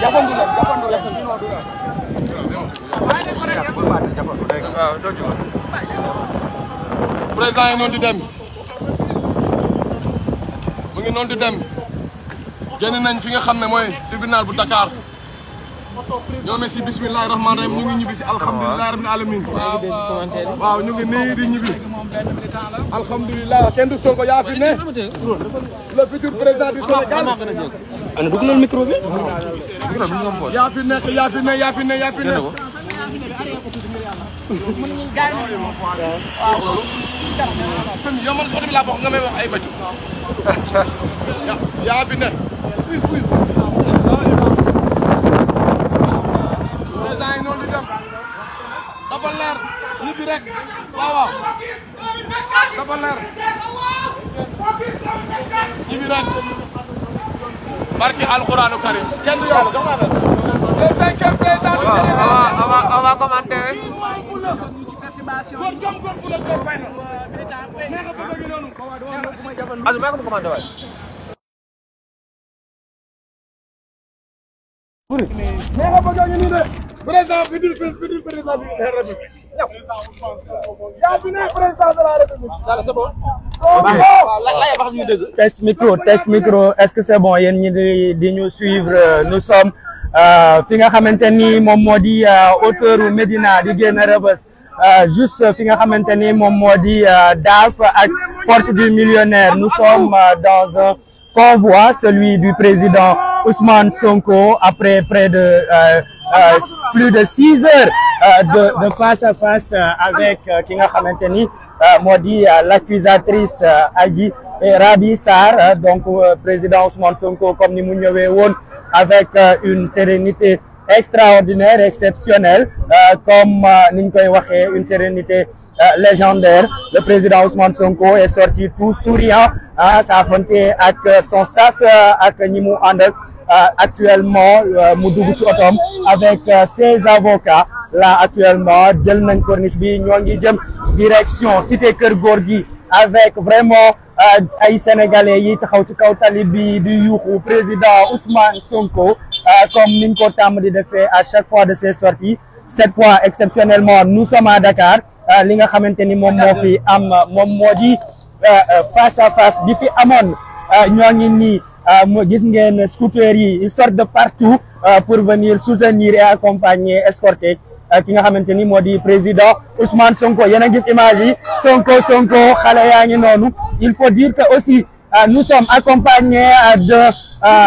jafandu leen jafandu président yi noonu di dem mu ngi noonu di dem génn nañ fi nga xam ne mooy tribunal bu Dakar ñoo ne si bismillahi rahmaani rahim ñu ngi ñibbi si alhamdulilah rabbil alamin waaw ñu ngi nii di ñibbi. alhamdulilah kenn du Sonko yaa fi futur président du Sénégal. ana dugg loolu micro bi. yaa fi nekk yaa fi ne yaa fi ne yaa fi ne. yow man oto bi laa bokk nga may wax ay baju. yaa fi ne. président yi noonu di dem. dafa leer ñibbi rek waaw waaw. dafa leer ñibbi rek. barki alxuraanu karim kenn du yow le cinquième président du Sénégal on va on va commenter góor góor président bi test micro est-ce que c'est bon yéen ñi di di ñu suivre nous sommes euh, fi nga xamante ni moom moo di euh, hauteur u Médina di génn euh, juste fi nga xamante ni moom moo di Daaf ak porte du millionnaire nous sommes dans un convoi celui du président Ousmane Sonko après près de Euh, plus de six heures euh, de de face à face euh, avec ki nga xamante ni moo di l'accusatrice aji Raby Sarr donc président Ousmane Sonko comme ni mu ñëwee woon avec une sérénité extraordinaire exceptionnelle comme niñ koy waxee une sérénité légendaire le président Ousmane Sonko est sorti tout souriant à s'affronter ak son staff ak ñi mu àndal Euh, actuellement euh, mu dugg ci otoom avec euh, ses avocats la actuellement jël nañ corniche bi ñoo ngi jëm direction cité kër góor gi avec vraiment ay sénégalais yi taxaw ci kaw tali bi di yuuxu président Ousmane Sonko comme niñ ko tàmm di à chaque fois de ses sorties cette fois exceptionnellement nous sommes à Dakar li nga xamante ni moom moo fi am moom moo di face à face bi fi amoon ñoo ngi nii Euh, gis ne scooter yi ils sortent de partout euh, pour venir soutenir et accompagner escorter euh, ki nga xamante ni moo di président Ousmane Sonko yéen a gis image yi Sonko Sonko xale yaa ngi noonu il faut dire que aussi nous sommes accompagnés de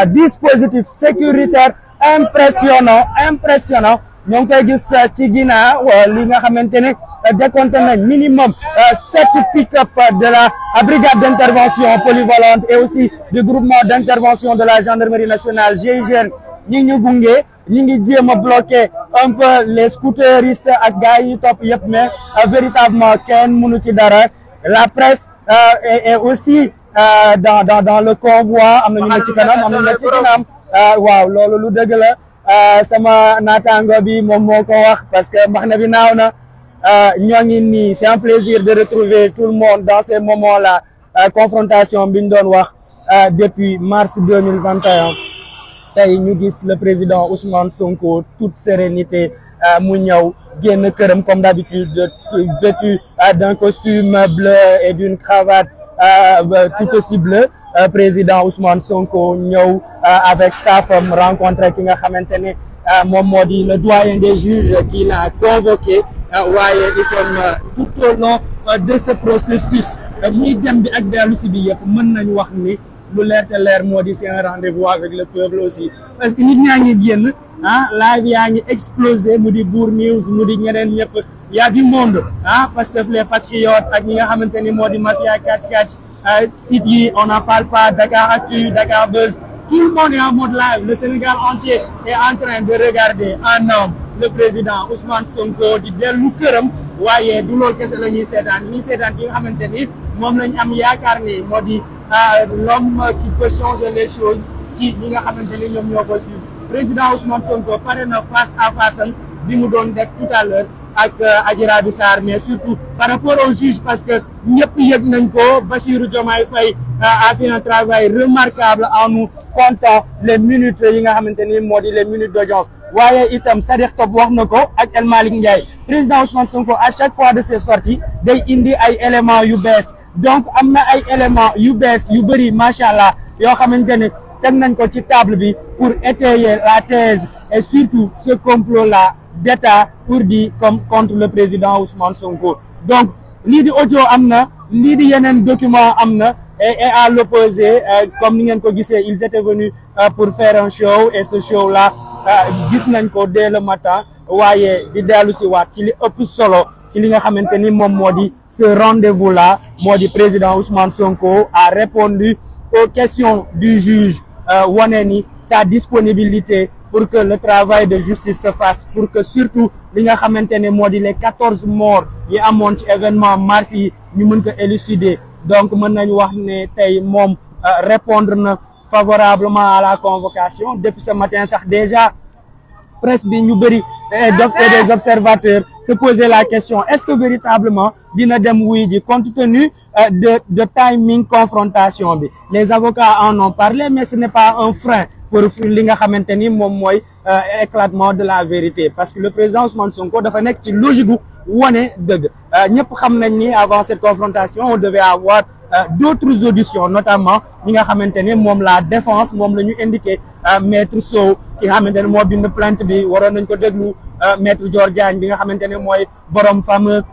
dispositifs sécuritaires impressionnants impressionnants ñoo ngi koy gis ci ginnaaw li nga xamante ne décompté nañ minimum sept pick-up de la à brigade d'intervention polyvalente et aussi du groupement d'intervention de la gendarmerie nationale GIGN ñi ngi ñu gunge ñi ngi jéem a bloqué un peu les scooteristes ak gars yi topp yëpp mais euh, véritablement kenn mënu ci dara la presse euh, et aussi euh, dans dans dans le convoi am na ñu ne ci kanam am na ñu ne ci kanam waaw loolu lu dëgg la sama naataango bi moom moo ko wax parce que mbax ne bi naaw na Euh, ñoo ngi nii c'est un plaisir de retrouver tout le monde dans ces moments là euh, confrontation bi ñu doon wax euh, depuis mars deux mille vingt et tey ñu gis le président Ousmane Sonko toute sérénité mu ñëw génn këram comme d'habitude vêtu d'un costume bleu et d'une cravate tout aussi bleu président Ousmane Sonko ñëw avec staffam rencontré ki nga xamante ne moom moo di le doyen des juges qui l'a convoqué Euh, waaye itam euh, tout au long euh, de ce processus muy dem bi ak dellu si bi yëpp mën nañu wax ni lu leer leer moo di c'est un rendez-vous avec le peuple parce que nit ñaa ngi génn ah live yaa ngi explosé mu di Bour News mu di ñeneen ñëpp ya a du monde ah que les patriotes ak ñi nga xamante ni moo di mafia kàcc kàcc site yi on n'en parle pas Dakar Actu Dakar Buzz tout le monde est en mode live le Sénégal entier est en train de regarder en nombre le président Ousmane Sonko di dellu këram waaye du loolu kese la ñuy seetaan ñuy seetaan ki nga xamante ni moom lañ am yaakaar ni moo di euh, l'homme qui peut changer les choses ci ñi nga xamante ni ñoom ñoo ko suivre président Ousmane Sonko pare na face à face am bi mu doon def tout à l'heure ak euh, Adji Raby sa mais surtout par rapport au juge parce que ñëpp yëg nañ ko Bassirou Diomaye Faye a fait un travail remarquable en nous comptant les minutes yi nga xamante ni moo di les minutes d'audience waaye itam Sadiq Top wax na ko ak El Malick Ndiaye président Ousmane Sonko à chaque fois de ses sorties day indi ay éléments yu bees donc am na ay éléments yu bees yu bëri macha allah yoo xamante ne teg nañ ko ci table bi pour étayer la thèse et surtout ce complot là d'état ourdi comme contre le président Ousmane Sonko donc lii di audio am na lii di yeneen document am na et à l'opposé euh, comme ni ngeen ko gisee ils étaient venus euh, pour faire un show et ce show là euh, gis nañ ko dès le matin waaye di dellu si waat ci li ëpp solo ci li nga xamante ni moom di ce rendez là moo di président Ousmane Sonko a répondu aux questions du juge wane ni sa disponibilité pour que le travail de justice se fasse pour que surtout li nga xamante ne moo di les quatorze morts yi amoon ci événement mars yi ñu mën ko élucider donc mën nañu wax ne tey moom euh, répondre na favorablement à la convocation depuis ce matin sax déjà presse bi ñu bëri eh, ah, def des observateurs se poser la question est-ce que véritablement dina dem wuy ji compte tenu euh, de de timing confrontation bi les avocats en ont parlé mais ce n'est pas un frein pour li nga xamante ni moom mooy euh, éclatement de la vérité parce que le président Ousmane Sonko dafa nekk ci logique gu wane dëgg euh, ñëpp xam nañ ni avant cette confrontation on devait avoir euh, d'autres auditions notamment ñi nga xamante ni moom la défense moom la ñu indiqué maître Sow ki nga xamante ne moo bind plainte bi waroon nañ ko déglu maître Dior Diagne bi nga xamante ne mooy borom fameux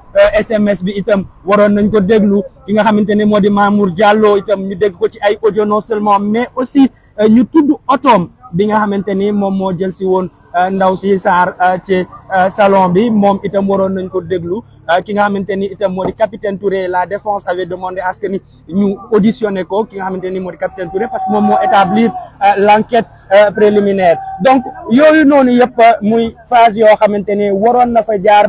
SMS bi itam waroon nañ ko déglu ki nga xamante ne moo di Mamour Diallo itam ñu dégg ko ci ay audio non mais aussi ñu tudd otoom bi nga xamante ni moom moo jël si woon Euh, ndaw si Sarr euh, ci euh, salon bi moom itam waroon nañ ko déglu ki nga xamante ni itam moo di capitaine Touré la défense avait demandé à ce que ni ñu auditionné ko ki nga xamante ni moo di capitaine Touré parce que moom moo l'enquête préliminaire donc yooyu noonu yëpp muy phase yoo xamante ni waroon na fa jaar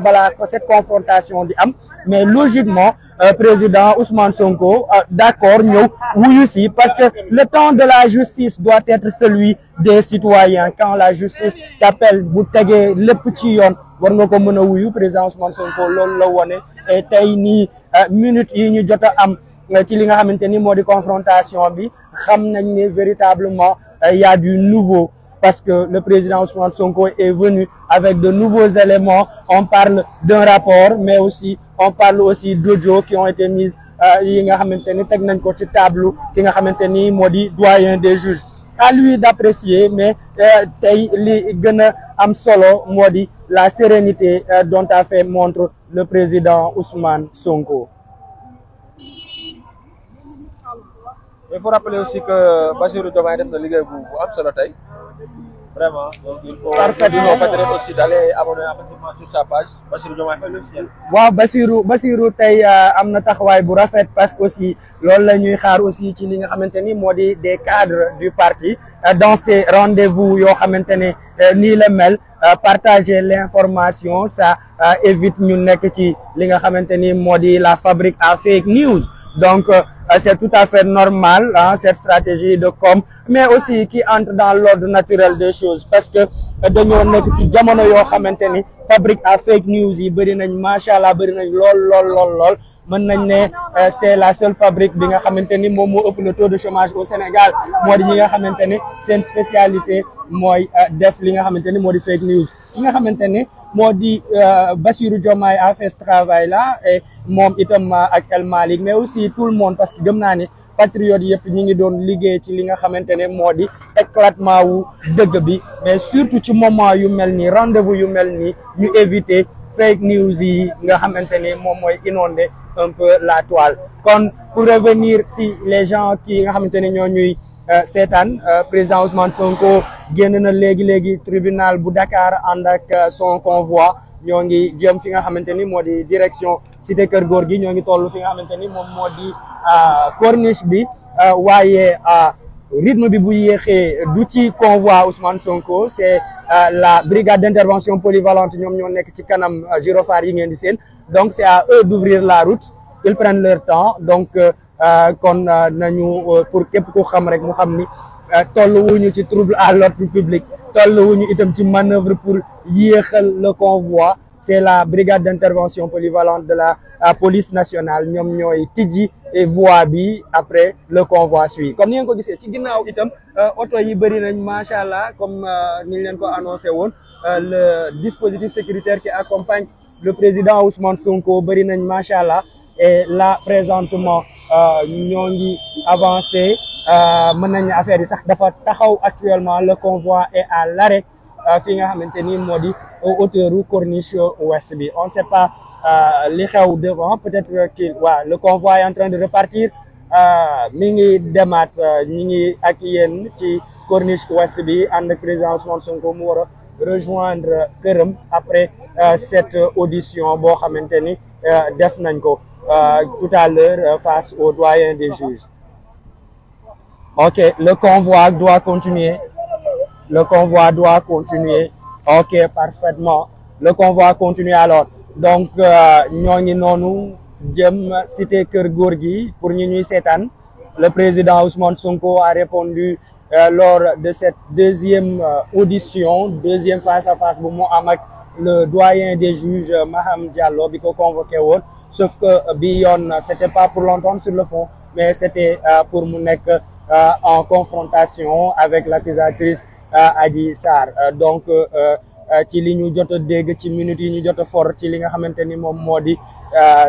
cette confrontation di am mais logiquement président Ousmane Sonko d'accord ñëw wuyu si parce que le temps de la justice doit être celui des citoyens quand la justice appel bu tegee lépp ci yoon war nga ko mën a wuyu président Ousmane Sonko loolu la wone et tey nii euh, minutes yi ñu jot a am euh, ci li nga xamante ni moo di confrontation bi xam nañ ni véritablement euh, y a du nouveau parce que le président Ousmane Sonko est venu avec de nouveaux éléments on parle d'un rapport mais aussi on parle aussi d'audios qui ont été mises yi nga xamante ni teg nañ ko ci table ki nga xamante ni moo di doyen des juges à lui d'apprécier mais euh, tey li gën a am solo moo di la sérénité euh, dont a fait montre le président Ousmane Sonko. il faut aussi que Bassirou Diomaye def na liggéey bu bu solo tey. Vraiment. Donc il aussi d'aller abonner absolument sur sa page Bassirou Diomaye Faye l'officiel. waaw Bassirou Bassirou tey euh, am na taxawaay bu rafet parce que aussi loolu la ñuy xaar aussi ci li nga xamante ni moo di des cadres du parti euh, dans ces rendez yoo xamante ne euh, nii la mel partager l'information ça évite ñu nekk ci li nga xamante ni moo di la fabrique à fake news. Donc, euh, c'est tout à fait normal, hein, cette stratégie de comme mais aussi qui entre dans l'ordre naturel des choses. Parce que euh, dañoo nekk ci jamono yoo xamante ni fabrique à fake news yi bëri nañ macha allah bëri nañ lool lool lool lool mën nañ ne euh, c'est la seule fabrique bi nga xamante ni moom moo ëpp le taux de chômage au Sénégal moo di ñi nga xamante ni seen spécialité mooy def li nga xamante ni moo di fake news ki nga xamante ni moo di euh, Bassirou Diomaye a fait ce travail là et moom itam euh, ak El Malick mais aussi tout le monde parce que gëm ni patriotes yëpp ñi ngi doon liggéey ci li nga xamante ne moo di éclatement wu dëgg bi mais surtout ci moment yu mel nii rendez yu mel nii ñu éviter fake news yi nga xamante ne moom mooy inonder un peu la toile kon pour revenir si les gens qui nga xamante ne ñoo ñuy Euh, seetaan euh, président Ousmane Sonko génn na léegi léegi tribunal bu Dakar ànd ak euh, son convoi ñoo ngi jëm fi nga xamante ni moo di direction cité Kër Góor gi ñoo ngi toll fi nga xamante ni moom moo di corniche bi waaye rythme bi bu yéexee du ci convoi Ousmane Sonko c'est la brigade d'intervention polyvalente ñoom ñoo nekk ci kanam gyrophare yi ngeen di seen donc c'est à eux d'ouvrir la route. ils prennent leur temps donc euh, kon euh, nañu euh, pour képp ku xam rek mu xam ni tolluwuñu ci trouble à l'ordre public ñu itam ci manœuvre pour yéexal le convoi c'est la brigade d'intervention polyvalente de la police nationale ñoom ñooy tijji et voie bi après le convoi suit comme ni ngeen ko gisee ci ginnaaw itam oto yi bëri nañ macha allah comme ni ñu leen ko annoncé woon le dispositif sécuritaire qui accompagne le président Ousmane Sonko bari nañ macha allah et là présentement euh, ñoo ngi avancé euh, mën nañu affaire yi sax dafa taxaw actuellement le convoi est à l'arrêt euh, fi nga xamante ni moo di hauteur u corniche ouest bi on sait pas li xew devant peut-être qu'il waa le convoi est en train de repartir mi ngi demaat ñi ngi ak yéen ci corniche ouest bi ànd ak président Ousmane Sonko mu war a rejoindre këram après cette audition boo xamante ni def nañ ko Euh, tout à l'heure euh, face au doyen des juges. OK, le convoi doit continuer. Le convoi doit continuer. OK, parfaitement. Le convoi continue alors. donc euh, ñoo ngi noonu jëm cité Kër Gorgui pour ñu ñuy seetaan le président Ousmane Sonko a répondu euh, lors de cette deuxième audition deuxième face à face bu mu am ak le doyen des juges Maham Diallo bi ko convoqué woon sauf que euh, bi yoon euh, c'était pas pour l'entendre sur le fond mais c'était euh, pour mu nekk en confrontation avec l'accusatrice Adji Sarr donc ci li ñu jot ci minutes yi ñu jot a for ci li nga xamante ni moom moo di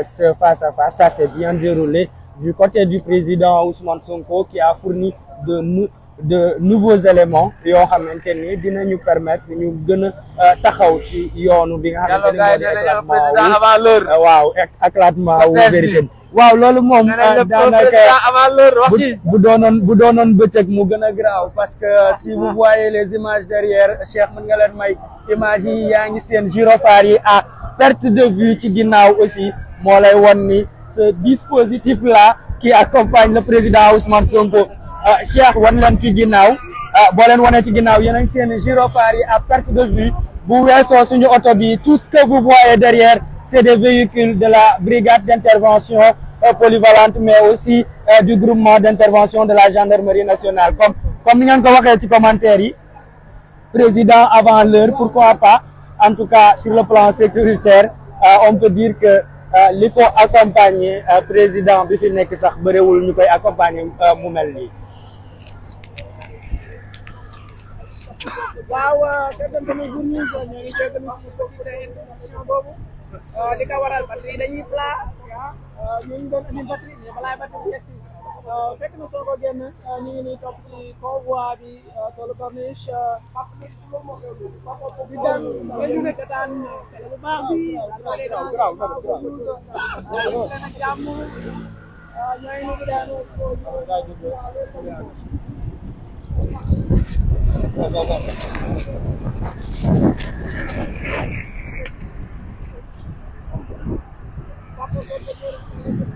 ce face à ça s'est bien déroulé du côté du président Ousmane Sonko qui a fourni de de nouveaux éléments yoo xamante ni dina dinañu permettre ñu gën a euh, taxaw ci yoonu bi nga xamante ni moo di éclatement euh, waaw éclatement wu vérité bi waaw loolu moom euh, daanaka bu doonoon bu doonoon bëccëg mu gën a graaw parce que ah. si vous voyez les images derrière Cheikh mën nga leen may image yi yaa ngi seen gyrophare yi a perte de vue ci ginnaaw aussi moo lay won ni ce dispositif là qui accompagne le président Ousmane Sonko euh, Cheikh wan leen ci ginnaaw euh, boo leen wanee ci ginnaaw yéen a seen gyrophares yi à perte de vue bu weesoo suñu oto bi tout ce que vous voyez derrière c'est des véhicules de la brigade d'intervention euh, polyvalente mais aussi du groupement d'intervention de la gendarmerie nationale comme comme ni ngeen ko waxee ci commentaire yi président avant l'heure pourquoi pas en tout cas sur le plan sécuritaire on peut dire que Euh, li ko accompagner euh, président bi fi nekk sax bëriwul ñu koy accompagner euh, mu mel nii. li Euh, fekk na soo ko génn euh, ñu ngi nii topp ci convoi bi euh, toolu corniche di dem dañu seetaan bu baax bi nag jàmm ñooy nu daanu Thank you.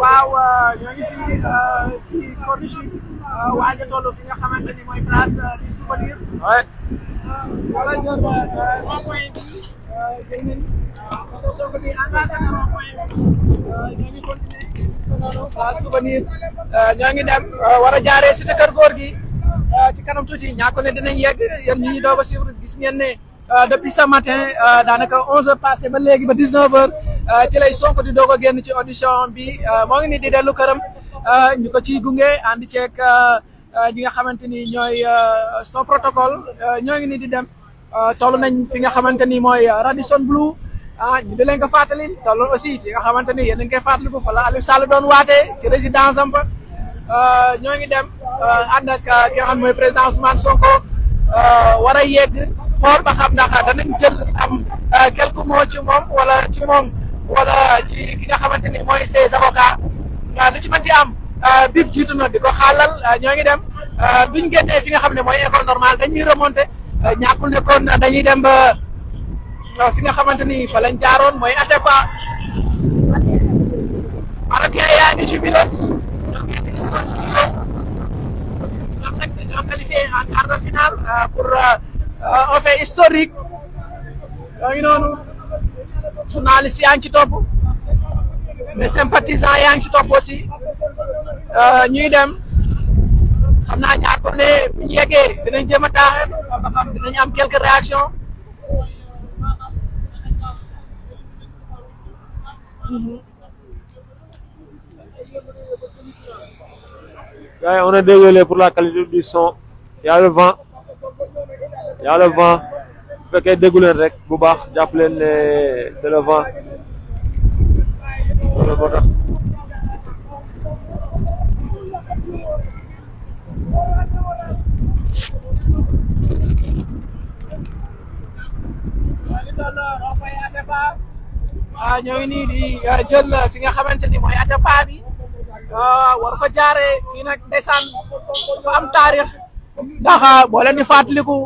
waaw euh, ñoo ngi fi euh, ci corniche euh, waaj a toll fi nga xamante ni mooy place du souvenir. oui. waaw souvenir ngi dem war a jaaree cité kër góor gi ci kanam tuuti ñaako ne dinañ yegg yéen ñi ñu doog a gis ngeen ne depuis ce matin daanaka 11h passé ba léegi ba 19h ci lay Sonko di doog a génn ci audition bi moo ngi nii di dellu këram ñu ko ciy gunge ànd ceeg ñi nga xamante ni ñooy son protocole ñoo ngi nii di dem. Euh, toll nañ fi nga xamante ni mooy euh, Radisson Blu ah ñu di leen ko fàttali toll aussi fi nga xamante ni yéen a ngi koy fàttaliku fa la Aliou Sall doon waatee ci résidence am ba euh, ñoo ngi dem ànd ak ki nga xam ne mooy président Ousmane Sonko war a yegg xool ba xam ndax am quelques mots ci moom wala ci moom wala ci ki nga xamante ni mooy ses avocats lu ci mën ci am bib jiitu na bi ko xaalal ñoo ngi dem duñ génnee fi nga xam ne mooy école normale dañuy remonter. Euh, ñàkkul ne na dañuy dem ba euh, fi nga xamante ni fa lañ jaaroon mooy Atepa marocain yaa ngi jubilé ñoom nag dañoo qualifié en quart de finale euh, pour un fait historique yooyu noonu journaliste yaa ngi ci topp yaa ngi ci topp ñuy dem xam naa ñaar ko ne bu ñu yeggee dinañ jéem a taaxee dinañ am quelque réaction gars yi on est désolé pour la qualité du son y a le vent y a le vent bu fekkee déggu leen rek bu baax jàpp leen ne c'est le vent Ah, ñoo ngi nii di ah, jël fi nga xamante ni mooy Atépa bi ah, war ko jaaree fii nag ndeysaan dafa am taarix ndax boo leen di fàttaliku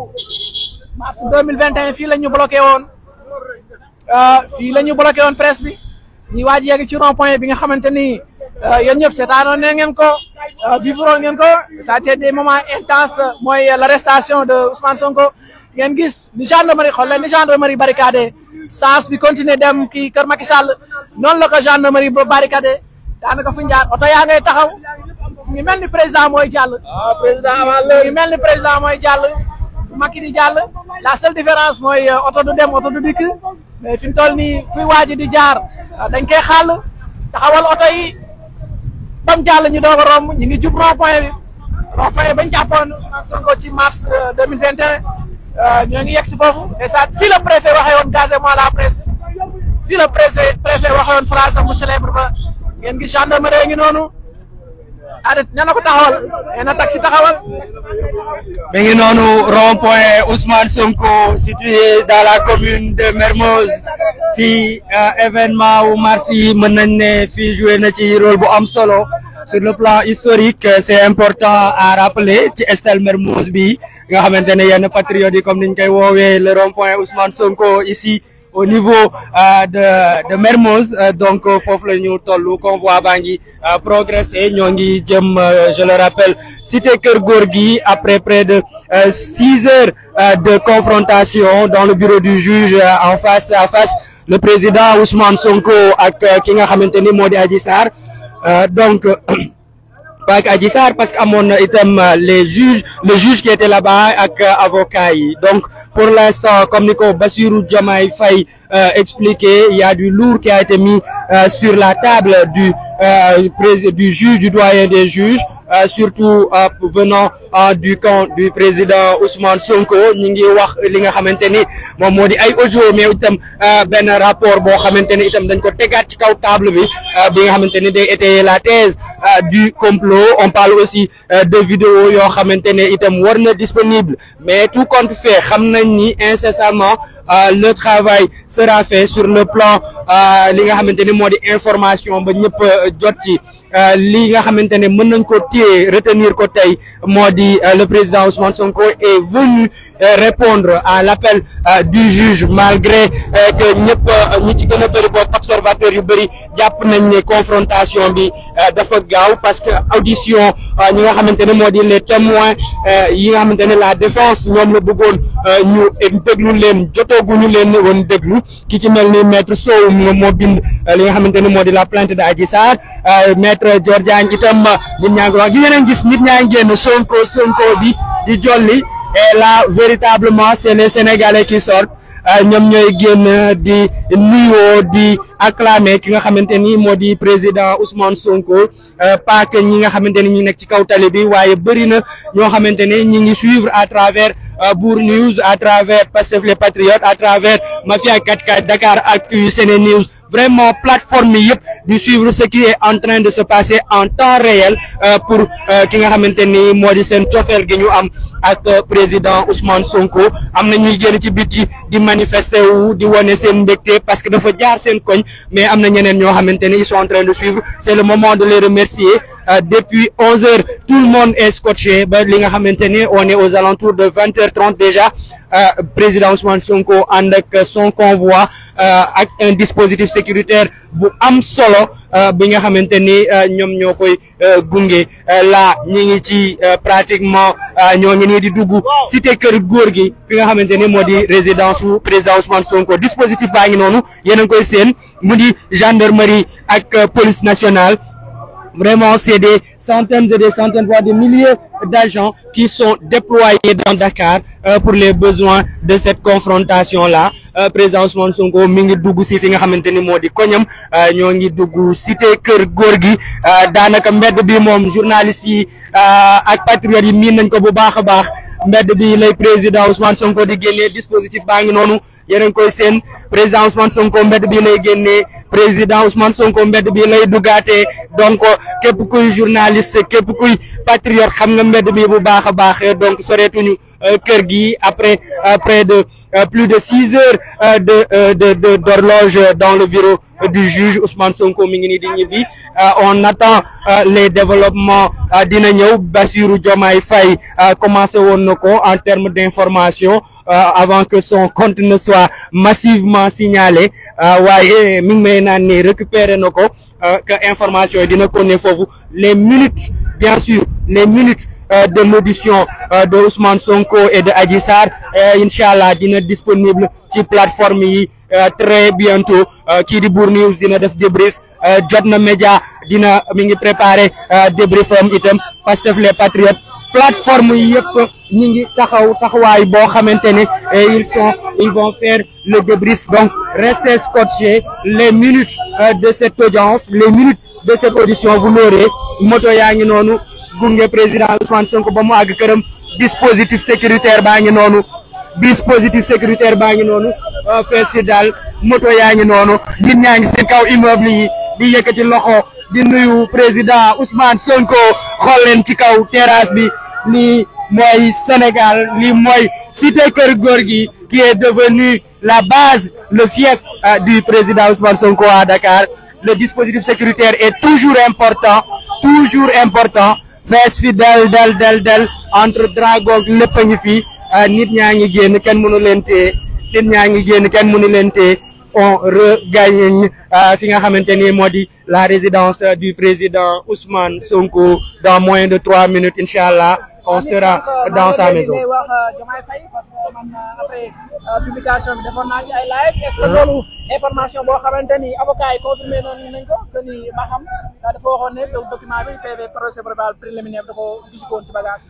mars deux mille vingt et un fii la ñu bloqué woon fii la ñu bloqué woon presse bi ñuy waaj yegg ci rond point bi nga xamante ni yéen ñëpp seetaanoon ne ngeen ko vivroon ngeen ko ça a été des moments intenses mooy la arrestation de Ousmane Sonko ngeen gis ni gendarmerie xool leen ni gendarmerie barricadé saas bi continuer dem ki Kër Macky Sall noonu la ko gendarmerie ba barricadé daanaka fu ñu jaar oto yaa ngay taxaw ñu mel ni président mooy jàll. waaw ah, président ñu mel ni président di jàll la seule différence mooy euh, oto du dem oto du dikk mais fi mu toll nii fuy waaj di jaar euh, dañ koy xàll taxawal oto yi bam jàll ñu doog a romb ñu ngi jub rond point bi rond point bañ jàppoon Sonko ci mars euh, deux mille vingt et Euh, ñoo ngi yegg si foofu et ça fii la préfet waxee woon Casamance la presse fii la préfet préfet mu célèbre ba ngeen ngi gendarmerie ngi noonu arrêté na na ko taxawal nee a taxi taxawal. mi ngi noonu rond point Ousmane Sonko situé dans la commune de Mermoz fii euh, événement wu mars yi mën nañ ne fii joué na ci rôle bu am solo. sur le plan historique c'est important à rappeler ci Estelle Mermoz bi nga xamante ne yenn patriotes yi comme niñ koy woowee le rond-point Ousmane Sonko ici au niveau euh, de de Mermoz euh, donc foofu la ñu toll convoi baa ngi euh, progressé ñoo ngi jëm je le rappelle cité Kër Gorgui après près de six heures de confrontation dans le bureau du juge en face à face le président Ousmane Sonko ak ki nga xamante ni moo di Adji Euh, donc pas Adji Sarr parce que amoon na itam euh, les juges le juge qui était là-bas ak euh, avocat donc pour l'instant comme ni ko Bassirou Diomaye Faye expliqué il y a du lourd qui a été mis sur la table du du juge du doyen des juges Euh, surtout euh, venant euh, du camp du président Ousmane Sonko ñi ngi wax li nga xamante ni moom moo di ay audio mais itam benn rapport boo xamante ni itam dañ ko tegaat ci kaw table bi bi nga xamante ni day étayer la thèse du complot on parle aussi de vidéo yoo xamante ne itam war na disponible mais tout compte fait xam nañ ni incessamment le travail sera fait sur le plan li nga xamante ni moo di information ba ñëpp jot ci Euh, lii nga xamante ne mën nañ ko téye retenir ko tey moo di euh, le président Ousmane Sonko est venu Euh, répondre à l'appel euh, du juge malgré euh, que ñëpp ñi ci gën a bëri boog observateur yu bëri jàpp nañ ne confrontation bi dafa gaaw parce que audition ñi nga xamante ne moo di les témoins yi nga xamante ne la défense ñoom la bëggoon ñu déglu leen jotooguñu leen woon déglu ki ci mel ni maître Sow moo bind li nga xamante ne moo di la plainte de Adji Sarr maître Dior Diagne itam nit ñaa ngi wax gis nit ñaa ngi génn Sonko Sonko bi di jolli et là véritablement c'est les Sénégalais qui sortent euh, ñoom ñooy génn di nuyoo di acclamer ki nga xamante ni moo di président Ousmane Sonko euh, pas que ñi nga xamante ni ñi nekk ci kaw tali bi waaye bëri na ñoo xamante ni ñi ngi suivre à travers Bour News à travers Pastef les Patriotes à travers Mafia 4x4 Dakar Actu Sene News vraiment plateforme yëpp di suivre ce qui est en train de se passer en temps réel euh, pour euh, ki nga xamante ni moo di seen cofeel gi ñu am ak euh, président Ousmane Sonko am na ñuy génn ci biti di manifester wu di wane seen mbégte parce que dafa jaar seen koñ mais am na ñeneen ñoo xamante ni sont en train de suivre c'est le moment de les remercier Euh, depuis 11 heures tout le monde est ba li nga xamante ni on est aux alentours de 20 heures 30 déjà euh, président Ousmane Sonko ànd ak son convoi euh, ak un dispositif sécuritaire bu am solo bi nga xamante ni ñoom ñoo koy gunge la ñu ngi ci pratiquement ñoo ngi nii di dugg cité kër góor gi fi nga xamante ni moo di résidence su président Ousmane Sonko dispositif baa ngi noonu yéen koy seen mu di gendarmerie ak police nationale Vraiment, c'est des centaines et des centaines, voire des milliers d'agents qui sont déployés dans Dakar euh, pour les besoins de cette confrontation-là. Euh, président Ousmane Sonko mi ngi dugg si fi nga xamante ni moo di koñam euh, ñoo ngi dugg cité kër góor gi daanaka mbedd bi moom journaliste yi ak patriotes yi miin nañ ko bu baax a baax mbedd bi lay président Ousmane Sonko di génnee dispositif baa ngi noonu yéen a ngi koy seen président Ousmane Sonko mbedd nay lay génnee président Ousmane Sonko mbedd bii lay duggaatee donc képp kuy journaliste képp kuy patriote xam nga mbedd bii bu baax a baax donc soreetuñu Euh, kër gi après euh, près de euh, plus de six heures de de d'horloge dans le bureau du juge Ousmane Sonko mi ngi nii di ñibbi on attend les développements dina ñëw Bassirou Diomaye Faye commencé woon na ko en termes d'information avant que son compte ne soit massivement signalé waaye mi ngi may naan ni récupéré na ko Euh, que information yi dina continuer foofu les minutes bien sûr les minutes euh, de l'audition euh, de Ousmane Sonko et de Adji Sarr incha allah dina disponible ci plateforme yi très bientôt kii di dina def débrief jot na média dina mi ngi préparer débriefam itam Pastef les patriotes plateforme yëpp ñi ngi taxaw taxawaay boo xamante ne eh, ils sont ils vont faire le débrief donc restez scotchés les minutes euh, de cette audience de cette audition vous moto yaa ngi noonu gunge président Ousmane Sonko ba mu àgg këram dispositif sécuritaire baa ngi noonu dispositif sécuritaire baa ngi noonu euh, fees fi daal moto yaa ngi noonu nit ñaa ngi seen kaw immeuble yi di yëkkati loxo di nuyu président Ousmane Sonko xool ci kaw terrasse bi lii moy Sénégal lii mooy cité Keur Gorgui qui est devenu la base le fief euh, du président Ousmane Sonko à Dakar le dispositif sécuritaire est toujours important toujours important fees fi del del del del entre dragoog lépp a ngi fi euh, nit ñaa ngi génn kenn mënu leen téye ñaa ngi génn kenn mënu leen téye on regagne euh, fi nga xamante ni moo di la résidence du président Ousmane Sonko dans moyen de trois minutes incha allah on sera dans sa uh, maison. Uh, uh, publication bi defoon naa ci ay live est-ce que uh-huh. loolu information boo xamante ni avocat yi confirmé noonu nañ bagage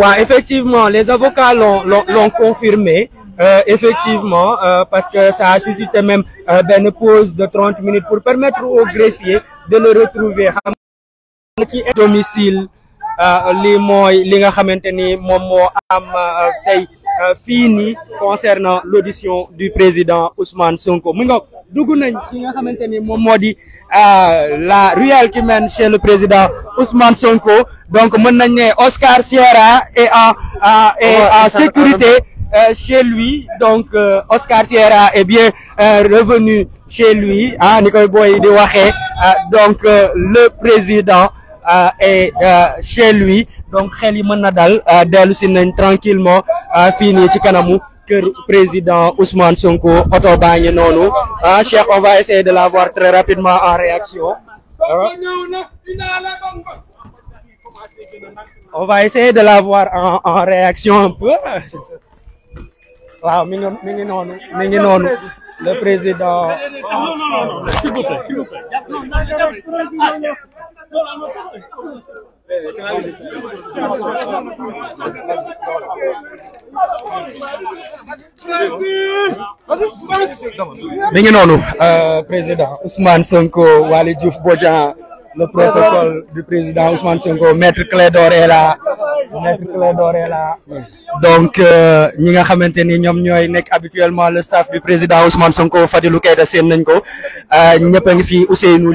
waaw effectivement les avocats l'ont l'ont confirmé euh, effectivement euh, parce que ça a même euh, pause de trente minutes pour permettre aux greffiers de le retrouver domicile Euh, lii mooy li nga xamante ni moom moo am euh, tey euh, fii nii concernant l'audition du président Ousmane Sonko mu nga dugg nañ ki nga xamante ni moom moo di la ruelle qui mène chez le président Ousmane Sonko donc mën nañ ne Oscar Sierra est en est en sécurité chez lui donc Oscar Sierra est bien revenu chez lui ah ni koy boy di waxee donc le président Euh, et euh, chez lui donc xel yi mën na dal euh, dellu si nañ tranquillement fii nii ci kanamu kër président Ousmane Sonko oto baa ngi noonu ah Cheikh on va essayer de la voir très rapidement en réaction on va essayer de la voir en réaction un peu waaw mi noonu euh, président Ousmane Sonko Waly Diouf Bodian le protocole du président Ousmane Sonko maître Clédor est là maître Clédor est là donc euh, ñi nga xamante ni ñoom ñooy nekk habituellement le staff du président Ousmane Sonko Fadilou Keita seen nañ ko euh, ñëpp a fi Ousseynou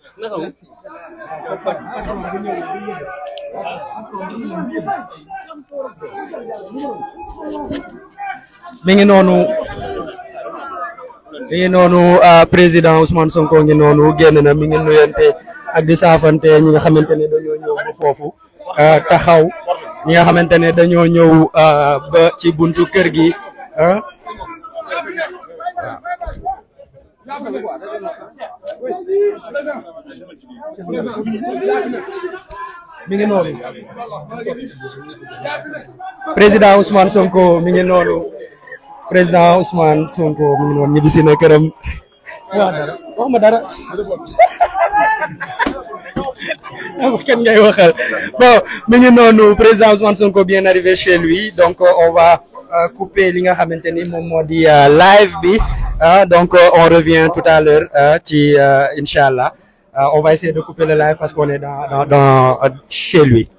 naka mi ngi noonu mi ngi noonu ah, président Ousmane Sonko ngi noonu génn na mi ngi nuyante ak di saafante ñi nga xamante ne dañoo ñëw ba foofu ah, taxaw ñi nga xamante ne dañoo ñëw ah, ba ci buntu kër gi ah. mi ngi noonu président Sonko mi ngi noonu président Ousmane Sonko mi ngi noonu ñibbisi na këram dara mi ngi président Ousmane Sonko bien arrivé chez lui donc on va euh, couper li nga xamante ni moom moo di euh, live bi ah donc euh, on revient tout à l'heure euh, ci euh, incha allah on va essayer de couper le live parce qu'on est dans dans dans chez lui.